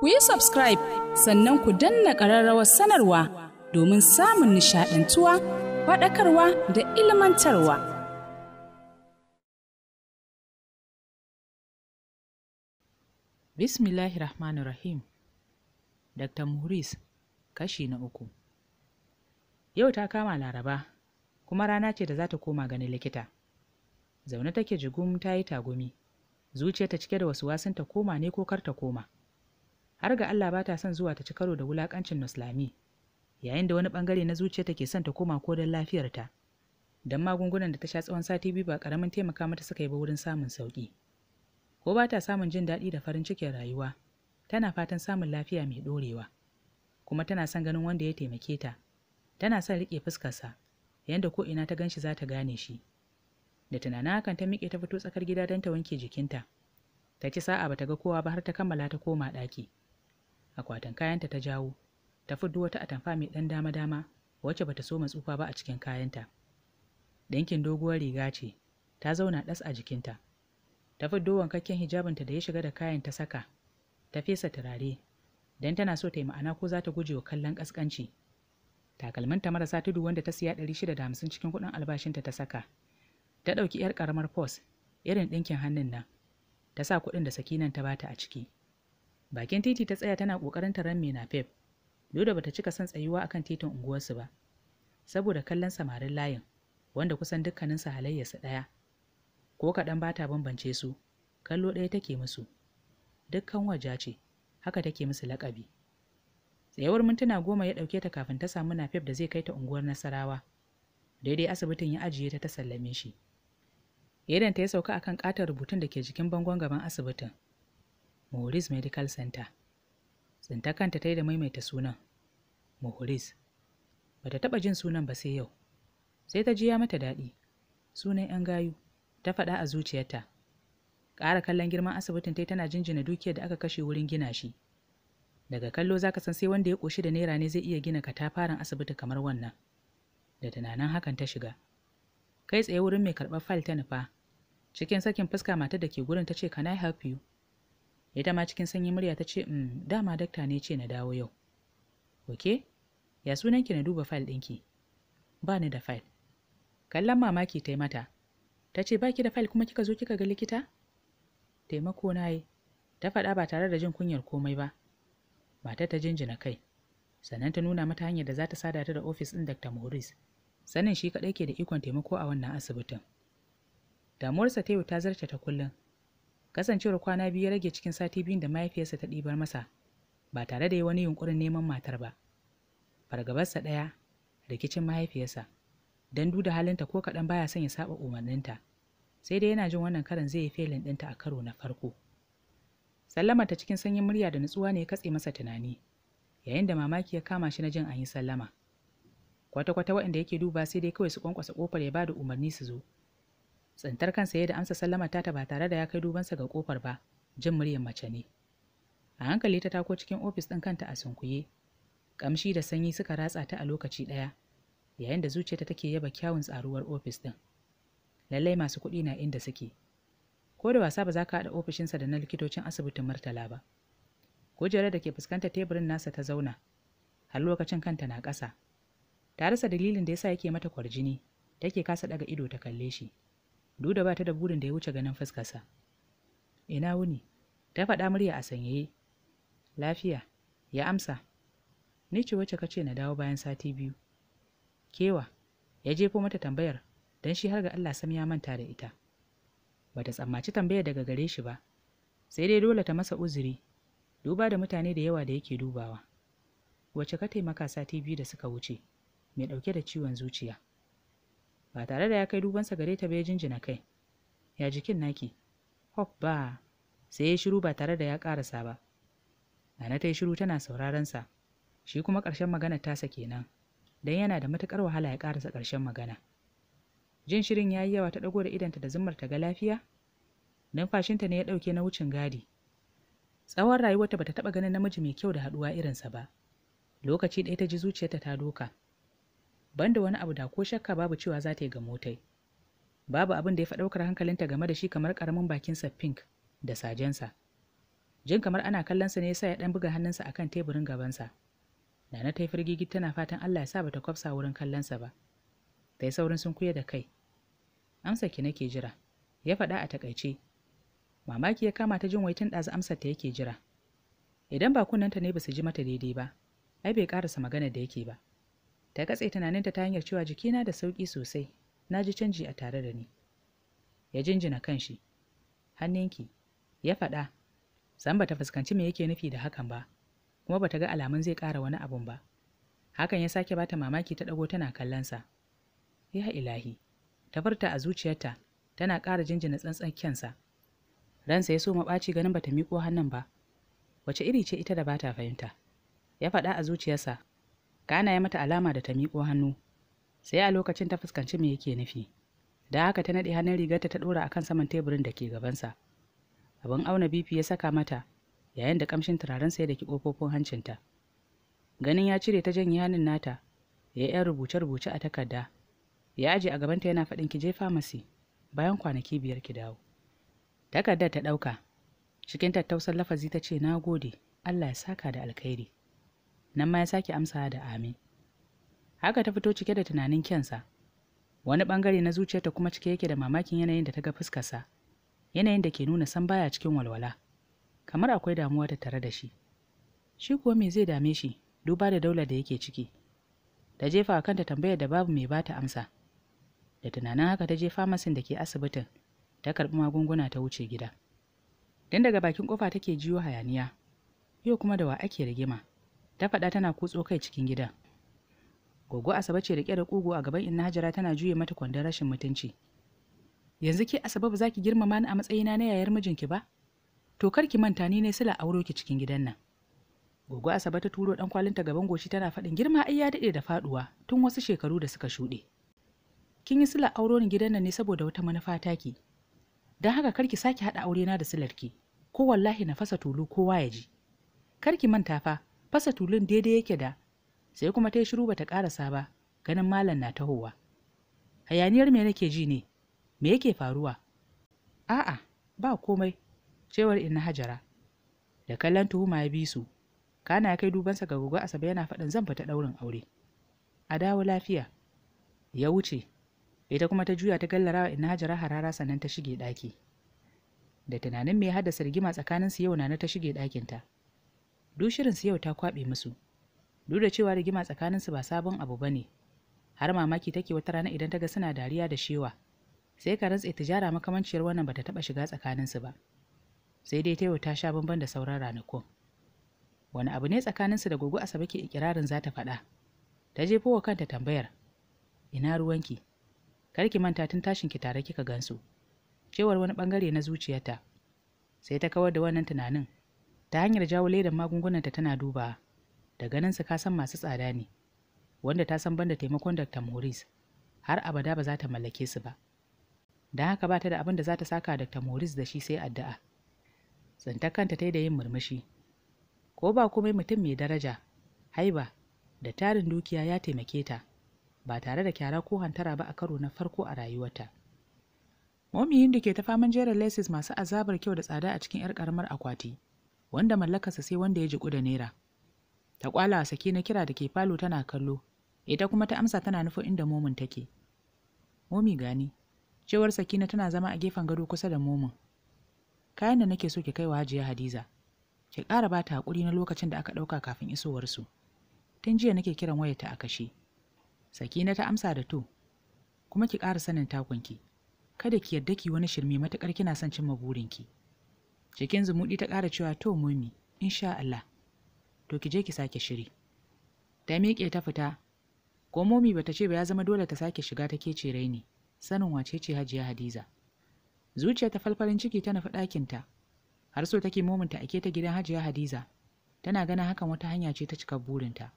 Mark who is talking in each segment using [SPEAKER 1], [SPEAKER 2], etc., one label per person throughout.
[SPEAKER 1] ku yi subscribe sannan ku danna ƙararrawar sanarwa domin samun nishaɗantuwa faɗakarwa da ilmantarwa. Bismillahi Rahmanu Rahim Dr. Maurice, kashi na uku Yau ta kama Laraba kuma rana ce da za ta koma ganin likita. Zaune take jigum ta yi tagumi, zuciya ta cike da wasu wasan ta koma ne ko kar ta koma. har ga Allah ba ta son zuwa ta ci karo da wulakancin Nuslami yayin da wani bangare na zuciya take son ta koma ko don lafiyarta don magungunan da ta sha tsawon sati biyu ba karamin taimaka mata suka yi ba wurin samun sauƙi. ko ba ta samun jin daɗi da farin cikin rayuwa tana fatan samun lafiya mai ɗorewa kuma tana son ganin wanda ya taimake ta tana son riƙe fuskarsa yadda ko ina ta ganshi za ta gane shi da tunanin hakan ta miƙe ta fito tsakar gida don ta wanke jikinta ta ci sa'a ba ta ga kowa ba har ta kammala ta koma ɗaki akwatin kayanta ta jawo ta fiddo wata atamfa mai ɗan dama-dama wacce bata so matsufa ba a cikin kayanta ɗinkin doguwar riga ce ta zauna ɗas a jikinta ta fi fiddo wankakken ta da ya shiga da kayan ta saka ta fesa turare dan tana so ta yi ma'ana ko za ta guje wa kallon ƙasƙanci takalminta marasa tudu wanda ta siya ɗari shida da hamsin cikin kuɗin albashinta ta saka ta ɗauki 'yar ƙaramar pos irin ɗinkin hannun nan ta sa kuɗin da sakinan ta bata a ciki bakin titi ta tsaya tana ƙoƙarin taron mena dole yoda bata cika son tsayuwa akan titin unguwarsu ba saboda kallon samarin layin wanda kusan dukkaninsu su ɗaya ko kaɗan ba ta bambance su kallo ɗaya take musu dukkan waja ce haka take musu lakabi. tsayawar mintuna goma ya ɗauke ta kafin ta samu nafef da zai kai ta unguwar nasarawa daidai asibitin ya ajiye ta ta sallame shi idan ta ya sauka akan ƙatar rubutun da ke jikin bangon gaban asibitin Maurice Medical Center. Tsinta kanta ta yi da maimaita sunan. Maurice. Ba ta taɓa jin sunan ba sai yau. Sai ta jiya mata daɗi. Sunan 'yan gayu. Ta faɗa a zuciyarta. Ƙara kallon girman asibitin yi tana jinjina dukiyar da aka kashe wurin gina shi. Daga kallo za ka san sai wanda ya ƙoshi da naira ne zai iya gina katafaren asibiti kamar wannan. Da tunanin hakan ta shiga. Kai tsaye wurin mai karɓar fayil ta nufa. Cikin sakin fuska mata da ke gurin ta ce, Can I help you? ita ma cikin sanyi murya ta ce in mm, dama dakta ne ce na dawo yau oke ya sunanki na duba fayil ɗinki ba ni da fayil kallon mamaki ta yi mata ta ce baki da fayil kuma kika zo kika ga likita taimako na yi ta faɗa ba tare da jin kunyar komai ba matar ta jinjina kai sannan ta nuna mata hanyar da za ta sada ta da ofis ɗin dr moris sanin shi kaɗai ke da ikon taimako a wannan asibitin damuwarsa ta yau ta zarce ta kullum kasancewar kwana biyu ya rage cikin sati biyun da mahaifiyarsa ta ɗibar masa ba tare da yi wani yunkurin neman matar ba fargabarsa ɗaya rikicin mahaifiyarsa don duda halinta ko kaɗan baya son ya saba umarninta sai dai yana jin wannan karan zai yi felin ɗinta a karo na farko sallama ta cikin sanyin murya da nutsuwa ne ya katse masa tunani yayin da mamaki ya kama shi na jin an yi sallama kwata-kwata waɗanda yake duba sai dai kawai su kwankwasa ƙofar ya ba da umarni su zo tsintar kansa ya da amsa sallama tata ba tare da ya kai dubansa ga kofar ba jin muryar mace ne a hankali ta tako cikin ofis ɗin kanta a sunkuye kamshi da sanyi suka ratsa ta a lokaci ɗaya yayin da zuciyarta take yaba kyawun tsaruwar ofis ɗin lallai masu kuɗi na inda suke ko da wasa ba za ka haɗa ofishinsa da na likitocin asibitin murtala ba kujerar da ke fuskantar teburin nasa ta zauna har lokacin kanta na ƙasa ta rasa dalilin da yasa yake mata kwarjini take kasa daga ido ta kalle shi duk da ba ta da burin da ya wuce ganin fuskarsa ina wuni ta faɗa murya a sanyaye lafiya ya amsa ni ce wacce ka ce na dawo bayan sati biyu kewa ya jefo mata tambayar don shi har ga Allah sam ya manta da ita bata tsammaci tambayar daga gare shi ba sai dai dole ta masa uzuri duba da mutane da yawa da yake dubawa wacce ka taimaka sati biyu da suka wuce mai ɗauke da ciwon zuciya ba tare da ya kai dubansa gare ta bai jinjina kai ya jikin naki hop ba sai ya shiru ba tare da ya karasa ba nana ta yi shiru tana sauraron sa shi kuma ƙarshen magana tasa kenan dan yana da matukar wahala ya karasa ƙarshen magana jin shirin ya yi yawa ta ɗago da idanta da zummar ta ga lafiya ta ne ya ɗauke na wucin gadi tsawon rayuwarta bata taɓa ganin namiji mai kyau da haɗuwa irinsa ba lokaci ɗaya ta ji zuciyarta ta doka banda wani abu da ko shakka babu cewa za ta yi ga motai babu abin da ya fi ɗaukar hankalinta game da shi kamar ƙaramin bakinsa pink da sajensa jin kamar ana kallonsa ne yasa ya ɗan buga hannunsa akan teburin gabansa nana ta yi firgigi tana fatan allah ya sa bata kwafsa wurin kallonsa ba ta yi saurin sun kuya da kai amsa ki nake jira ya faɗa a takaice mamaki ya kama ta jin waitin ɗazu amsar ta yake jira idan ba kunnanta ne ba su ji mata daidai ba ai bai ƙarasa magana da yake ba ta katse tunaninta ta hanyar cewa jikina da sauƙi sosai na ji canji a tare da ni ya jinjina kanshi hannunki ya faɗa san ta fuskanci me yake nufi da hakan ba kuma ba ta ga alamun zai ƙara wani abun ba hakan ya sake bata mamaki ta ɗago tana kallonsa ya ilahi ta furta a zuciyarta tana ƙara jinjina tsantsan kyansa ransa ya so maɓaci ganin bata miƙo hannun ba wace iri ce ita da bata fahimta ya faɗa a zuciyarsa kana ya mata alama da ta miƙo hannu sai a lokacin ta fuskanci me yake nufi da haka ta naɗe hannun rigarta ta ɗora akan saman teburin da ke gabansa abin auna bifi ya saka mata yayin da kamshin turaren sai da ki ƙofofin hancinta ganin ya cire ta janye hannun nata ya yi rubuce-rubuce a takarda ya aje a gabanta yana faɗin ki je famasi bayan kwanaki biyar ki dawo takardar ta ɗauka cikin tattausan lafazi ta ce na gode allah ya saka da alkhairi nan ma ya sake amsawa da amin haka ta fito cike da tunanin kyansa wani ɓangare na zuciyarta kuma cike yake da mamakin yanayin da ta ga fuskarsa yanayin da ke nuna san baya cikin walwala kamar akwai damuwa ta tare da shi shi kuwa me zai dame shi duba da daular da yake ciki ta jefa a kanta tambayar da babu mai bata amsa da tunanin haka ta je famasin da ke asibitin ta karɓi magunguna ta wuce gida dan daga bakin kofa take jiyo hayaniya yau kuma da wa ake rigima ta faɗa tana kutso kai cikin gida gogo asabe ce rike da kugu a gaban inna hajara tana juye mata kwandon rashin mutunci yanzu ke asabe ba za ki girmama ni a matsayina na yayar mijinki ba to kar ki manta ni ne sila auro ki cikin gidan nan gogo asabe ta turo dan kwalinta gaban goshi tana faɗin girma ai ya daɗe da faɗuwa tun wasu shekaru da suka shuɗe kin yi sila auro ni gidan nan ne saboda wata manufa taki dan haka kar karki sake haɗa aure na da silarki ko wallahi na fasa tulu kowa ya ji Kar ki manta fa fasa tulun daidai yake da sai kuma ta yi shiru bata karasa ba ganin malam na tahowa hayaniyar me nake ji ne me yake faruwa a'a ba komai cewar inna hajara da kallon tuhuma ya bi su kana ya kai dubansa ga gugu asabe yana faɗin zan fita ɗaurin aure a dawo lafiya ya wuce ita kuma ta juya ta gallara inna hajara harara sannan ta shige ɗaki da tunanin me haddasa rigima tsakaninsu yau na ta shige ɗakinta. ta duk su yau ta kwaɓe musu duk da cewa rigima tsakanin su ba sabon abu ba ne har mamaki take wata rana idan ta ga suna dariya da shewa sai ka rantse tijara makamanciyar wannan bata taɓa shiga tsakaninsu ba sai dai ta yau ta sha bamban da sauran ranakun wani abu ne tsakanin su da gogo asabe ke ikirarin za ta faɗa ta jefo wa kanta tambayar ina ruwanki kar ki manta tun tashin ki tare kika gansu cewar wani bangare na zuciyarta sai ta kawar da wannan tunanin ta hanyar jawo ledan magungunanta tana duba da ganinsu ka san masu tsada ne wanda ta san banda taimakon dr maurice har abada ba za ta mallake su ba don haka ba ta da abin da za ta saka dr maurice da shi sai addu'a tsintar kanta ta yi da yin murmushi ko ba komai mutum mai daraja haiba da tarin dukiya ya taimake ta ba tare da kyara ko hantara ba a karo na farko a rayuwarta momiyin da ke ta faman jerin lasis masu azabar kyau da tsada a cikin 'yar karamar akwati wanda mallakarsa sai wanda ya jiƙu da naira ta kwala a sake na kira da ke falo tana kallo ita kuma ta amsa tana nufin inda momin take momi gani cewar sakina tana zama a gefen gado kusa da momin kayan da nake so ki kai wa hajiya hadiza ki ƙara ba ta haƙuri na lokacin da aka ɗauka kafin isowarsu tun jiya nake kiran wayarta a kashe sakina ta amsa da to kuma ki ƙara sanin takunki kada ki yarda ki wani shirme matuƙar kina son cimma burinki Cikin zumuɗi ta ƙara cewa to momi, insha Allah. To ki je ki sake shiri. Ta miƙe ta fita, ko momi bata ce ba ya zama dole ta sake shiga ta kece raini, sanin wace ce Hajiya Hadiza. Zuciya ta falfarin ciki ta nufi ta har so take mominta ake ta gidan Hajiya Hadiza, tana ganin hakan wata hanya ce ta cika burinta.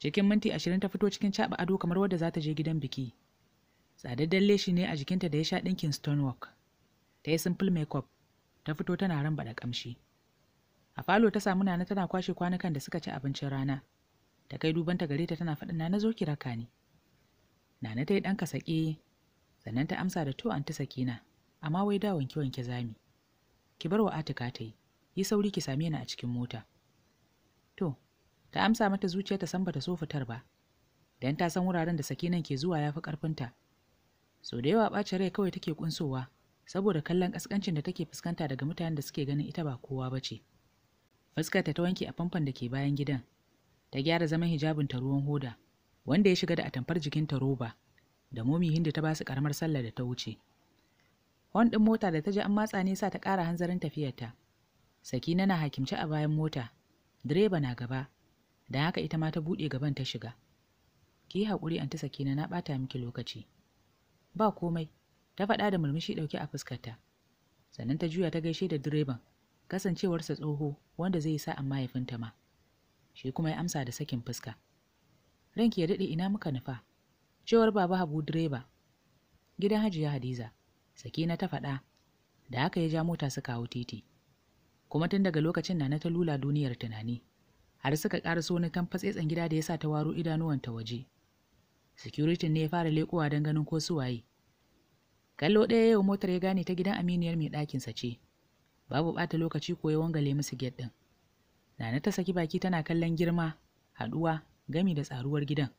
[SPEAKER 1] Cikin minti ashirin ta fito cikin caɓa ado kamar wadda za ta je gidan biki. Tsadaddan leshi ne a jikinta da ya sha ɗinkin stonework. Ta yi simple makeup ta fito tana da kamshi. a falo ta samu nana tana kwashe kwanukan da suka ci abincin rana ta kai duban ta gare ta tana faɗin nana zo ki raka ni. nana ta yi ɗan kasaƙe, sannan ta amsa da to an ta sakina amma wai da wanke wanke zami ki bar wa atika ta yi yi sauri ki same ni a cikin mota to ta amsa mata zuciya ta san bata so fitar ba dan ta san wuraren da sakinan ke zuwa yafi ƙarfinta. so da yawa ɓace rai kawai take ƙunsowa. saboda kallon kaskancin da take fuskanta daga mutanen da suke ganin ita ba kowa ba ce. Fuskarta ta wanke a famfon da ke bayan gidan. Ta gyara zaman hijabin ta ruwan hoda, wanda ya shiga da atamfar jikin jikinta roba, da momi hindu ta basu karamar sallah da ta wuce. Hon ɗin mota da ta ji an matsa nesa ta ƙara hanzarin tafiyarta. Sakina na hakimci a bayan mota, direba na gaba, da haka ita ma ta buɗe gaban ta shiga. Ki haƙuri anti Sakina na ɓata miki lokaci. Ba komai, ta faɗa da murmushi ɗauke a fuskarta sannan ta juya ta gaishe da direban kasancewarsa tsoho wanda zai sa amma mahaifinta ma shi kuma ya amsa da sakin fuska ranki ya daɗe ina muka nufa cewar baba habu direba gidan hajiya hadiza Saki na ta faɗa da haka ya ja mota su kawo titi kuma tun daga lokacin na na ta lula duniyar tunani har suka ƙara ƙaraso wani tamfatsetsen gida da ya sa ta waro idanuwanta waje Sikuritin ne ya fara leƙowa don ganin ko su waye kallo ɗaya yau motar ya gane ta gidan aminiyar mai ɗakinsa ce babu ɓata lokaci ko ya wangale musu get ɗin nana ta saki baki tana kallon girma haɗuwa gami da tsaruwar gidan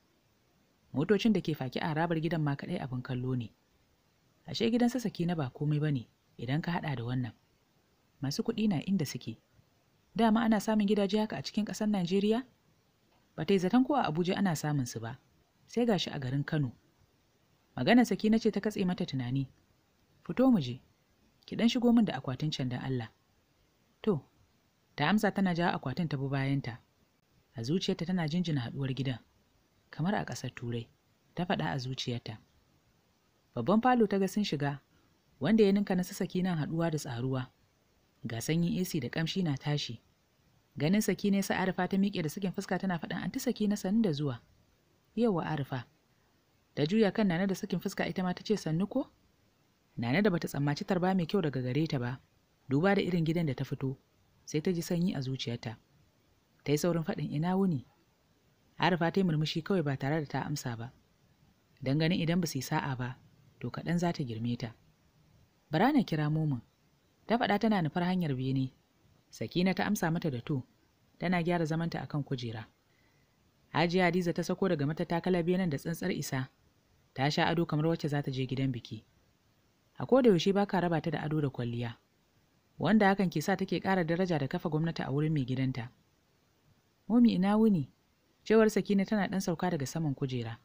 [SPEAKER 1] motocin da ke faki a harabar gidan ma kaɗai abin kallo ne ashe gidan sassaki na ba komai ba ne idan ka haɗa da wannan masu kuɗi na inda suke dama ana samun gidaje haka a cikin ƙasar najeriya ba ta yi zaton ko a abuja ana samun su ba sai gashi a garin kano Maganar saki na ce ta katse mata tunani. Fito mu je. Ki dan shigo min da akwatin can dan Allah. To, ta amsa tana jawo akwatin ta bi bayanta. A zuciyarta tana jinjina haduwar gidan. Kamar a ƙasar Turai, ta faɗa a zuciyarta. Babban falo ta ga sun shiga, wanda ya ninka na sasaki nan haduwa da tsaruwa. Ga sanyin AC da kamshi na tashi. Ganin saki ne sa Arifa ta miƙe da sakin fuska tana faɗin anti saki na sanin da zuwa. yawa Arifa, ta juya kan nana da sakin fuska ita ma ta sannu ko nana da bata tsammaci tarba mai kyau daga gare ta ba duba da irin gidan da ta fito sai ta ji sanyi a zuciyarta ta yi saurin faɗin ina wuni arifa ta yi murmushi kawai ba tare da ta amsa ba don ganin idan ba su yi sa'a ba to kaɗan za ta girme ta bara na kira Momo ta faɗa tana nufar hanyar bene sakina ta amsa mata da to tana gyara zamanta akan kujera hajiya hadiza ta sako daga mata takala nan da tsantsar isa ta sha ado kamar wacce za ta je gidan biki a koda yaushe baka raba ta da ado da kwalliya wanda hakan ke sa take ƙara daraja da kafa gwamnati a wurin mai gidanta momi ina wuni cewar sakina tana ɗan sauka daga saman kujera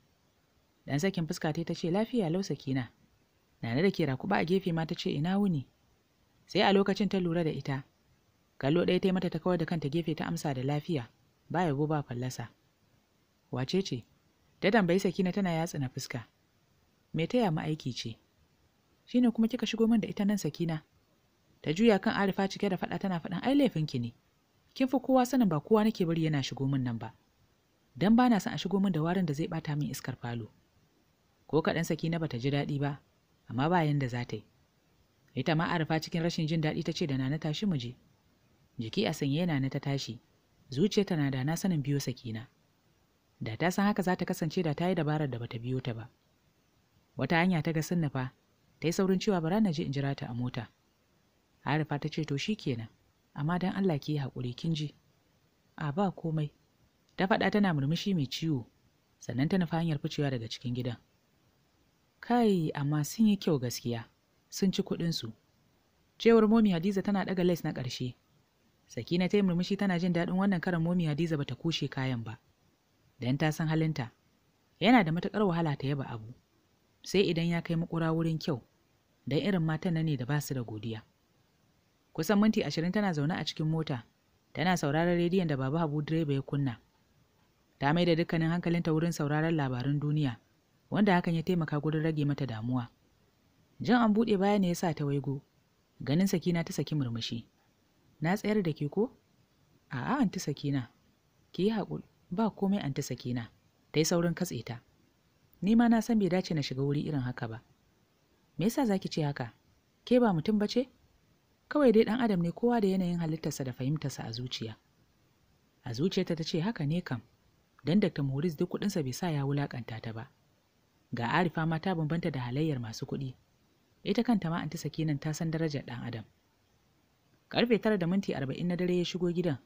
[SPEAKER 1] dan sakin fuska ta ce lafiya lau sakina nana da ke rakuba a gefe ma ta ce ina wuni sai a lokacin ta lura da ita kallo ɗaya ta yi mata ta kawar da kanta gefe ta amsa da lafiya ba yabo ba fallasa wace ce ta tambayi sakina tana yatsa na fuska mai taya mu aiki ce Shi ne kuma kika shigo min da ita nan sakina ta juya kan arifa cike da faɗa tana faɗin ai laifinki ne kin fi kowa sanin ba kowa nake bari yana shigo min nan ba dan ba na son a shigo min da warin da zai bata min iskar falo ko kaɗan sakina bata ji daɗi ba amma ba yanda za ta yi ita ma arifa cikin rashin jin daɗi ta ce da nana tashi mu je jiki a sanye yana na ta tashi zuciya tana da na sanin biyo sakina da ta san haka za ta kasance da ta yi dabarar da bata biyo ta ba wata hanya ta ga fa, ta yi saurin cewa bara na je in jira ta a mota arifa ta ce to shi kenan amma dan allah ki yi haƙuri kin ji a ba komai ta faɗa tana murmushi mai ciwo sannan ta nufa hanyar ficewa daga cikin gidan kai amma sun yi kyau gaskiya sun ci kuɗinsu cewar momi hadiza tana ɗaga les na ƙarshe sakina ta yi murmushi tana jin daɗin wannan karan momi hadiza bata kushe kayan ba dan ta san halinta yana da matuƙar wahala ta yaba abu sai idan ya kai makura wurin kyau don irin matan nan ne da ba su da godiya kusan minti ashirin tana zaune a cikin mota tana sauraron rediyon da baba habu direba ya kunna ta mai da dukkanin hankalinta wurin sauraron labarun duniya wanda hakan ya taimaka gurin rage mata damuwa jan an buɗe baya ne ya sa ta waigo ganin sakina ta saki murmushi na tsayar da ke ko a'a anti sakina ki yi haƙuri ba komai anti sakina ta yi saurin katse ta ni ma na san bai dace na shiga wuri irin haka ba me yasa zaki ce haka ke ba mutum bace kawai dai dan adam ne kowa da yanayin halittarsa da fahimtarsa a zuciya a zuciyarta ta ce haka ne kam dan Dr. Morris duk kudinsa bai sa ya wulakanta ta ba ga Arifa ma ta bambanta da halayyar masu kuɗi ita kanta ma anti nan ta san darajar dan adam karfe tara da minti arba'in na dare ya shigo gidan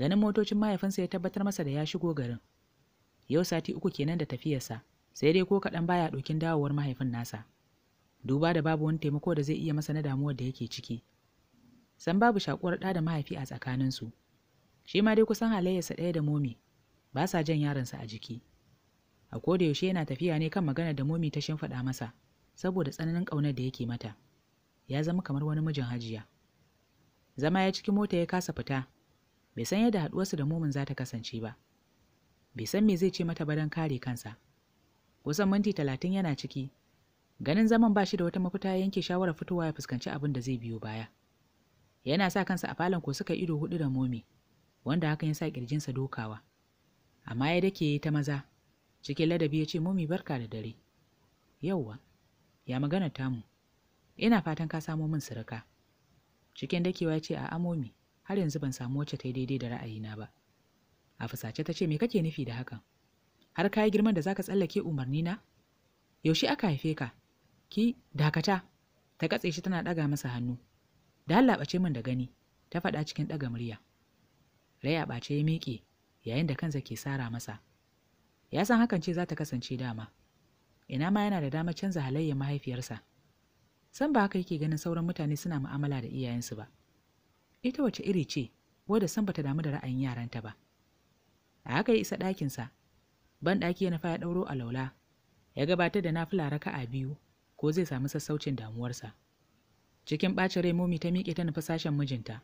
[SPEAKER 1] ganin motocin mahaifinsa ya tabbatar masa da ya shigo garin yau sati uku kenan da tafiyarsa sai dai ko kaɗan baya ɗokin dawowar mahaifin nasa duba da babu wani taimako da zai iya masa na damuwar da yake ciki san babu shakuwar ɗa da mahaifi a tsakaninsu shi ma dai kusan halayyarsa ɗaya da momi ba sa jan yaronsa a jiki a koda yaushe yana tafiya ne kan magana da momi ta shimfaɗa masa saboda tsananin ƙaunar da yake mata ya zama kamar wani mijin hajiya zama ya ciki mota ya kasa fita bai san yadda haɗuwarsu da momin za ta kasance ba bai san me zai ce mata ba don kare kansa kusan minti talatin yana ciki ganin zaman ba shi da wata mafita yanke shawarar fitowa ya fuskanci abin da zai biyo baya yana sa kansa a falon ko suka ido hudu da momi wanda hakan ya sa kirjinsa dokawa amma ya dake ya ta maza cikin ladabi ya ce momi barka da dare yauwa ya magana tamu ina fatan ka samo min sirika cikin dakewa ya ce a amomi har yanzu ban samu wacce ta daidai da ra'ayina ba a fusace ta ce me kake nufi da hakan har ka yi girman da zaka tsallake umarni na yaushe aka haife ka ki dakata ta katse shi tana ɗaga masa hannu da hallaɓace min da gani ta faɗa cikin ɗaga murya rai a ɓace ya miƙe yayin da kansa ke sara masa ya san hakan ce za ta kasance dama ina ma yana da dama canza halayyar mahaifiyarsa san ba haka yake ganin sauran mutane suna mu'amala da iyayensu ba ita wace iri ce wadda san bata damu da ra'ayin yaranta ba a haka ya isa ɗakinsa ban ɗaki ya nufa ya ɗauro alaula ya gabatar da nafila a biyu ko zai samu sassaucin damuwarsa cikin ɓacin rai momi ta miƙe ta nufi sashen mijinta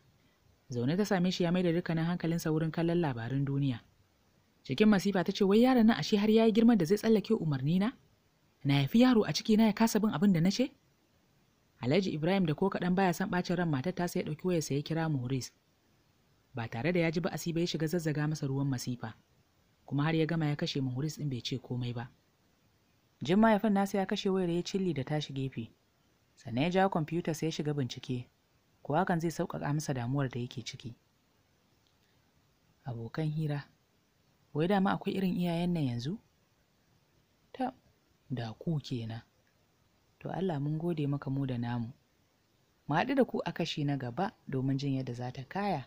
[SPEAKER 1] zaune ta same shi ya maida dukkanin hankalinsa wurin kallon labarin duniya cikin masifa ta ce wai yaron nan ashe har ya yi girman da zai tsallake umarni na na yafi yaro a ciki na ya kasa bin abin da na ce alhaji ibrahim da ko kaɗan baya son ɓacin ran matar ta sai ɗauki wayarsa ya kira Maurice. ba tare da ya ji ba asiba ya shiga zazzaga masa ruwan masifa kuma har ya gama ya kashe muhuris ɗin bai ce komai ba jin mahaifin nasa ya kashe wayar ya cilli da tashi gefe sannan ya jawo kwamfuta sai ya shiga bincike ko hakan zai sauƙaƙa masa damuwar da yake ciki abokan hira wai dama akwai irin iyayen nan yanzu ta da ku kenan to Allah mun gode maka mu da namu mu haɗu da ku a kashi na gaba domin jin yadda za ta kaya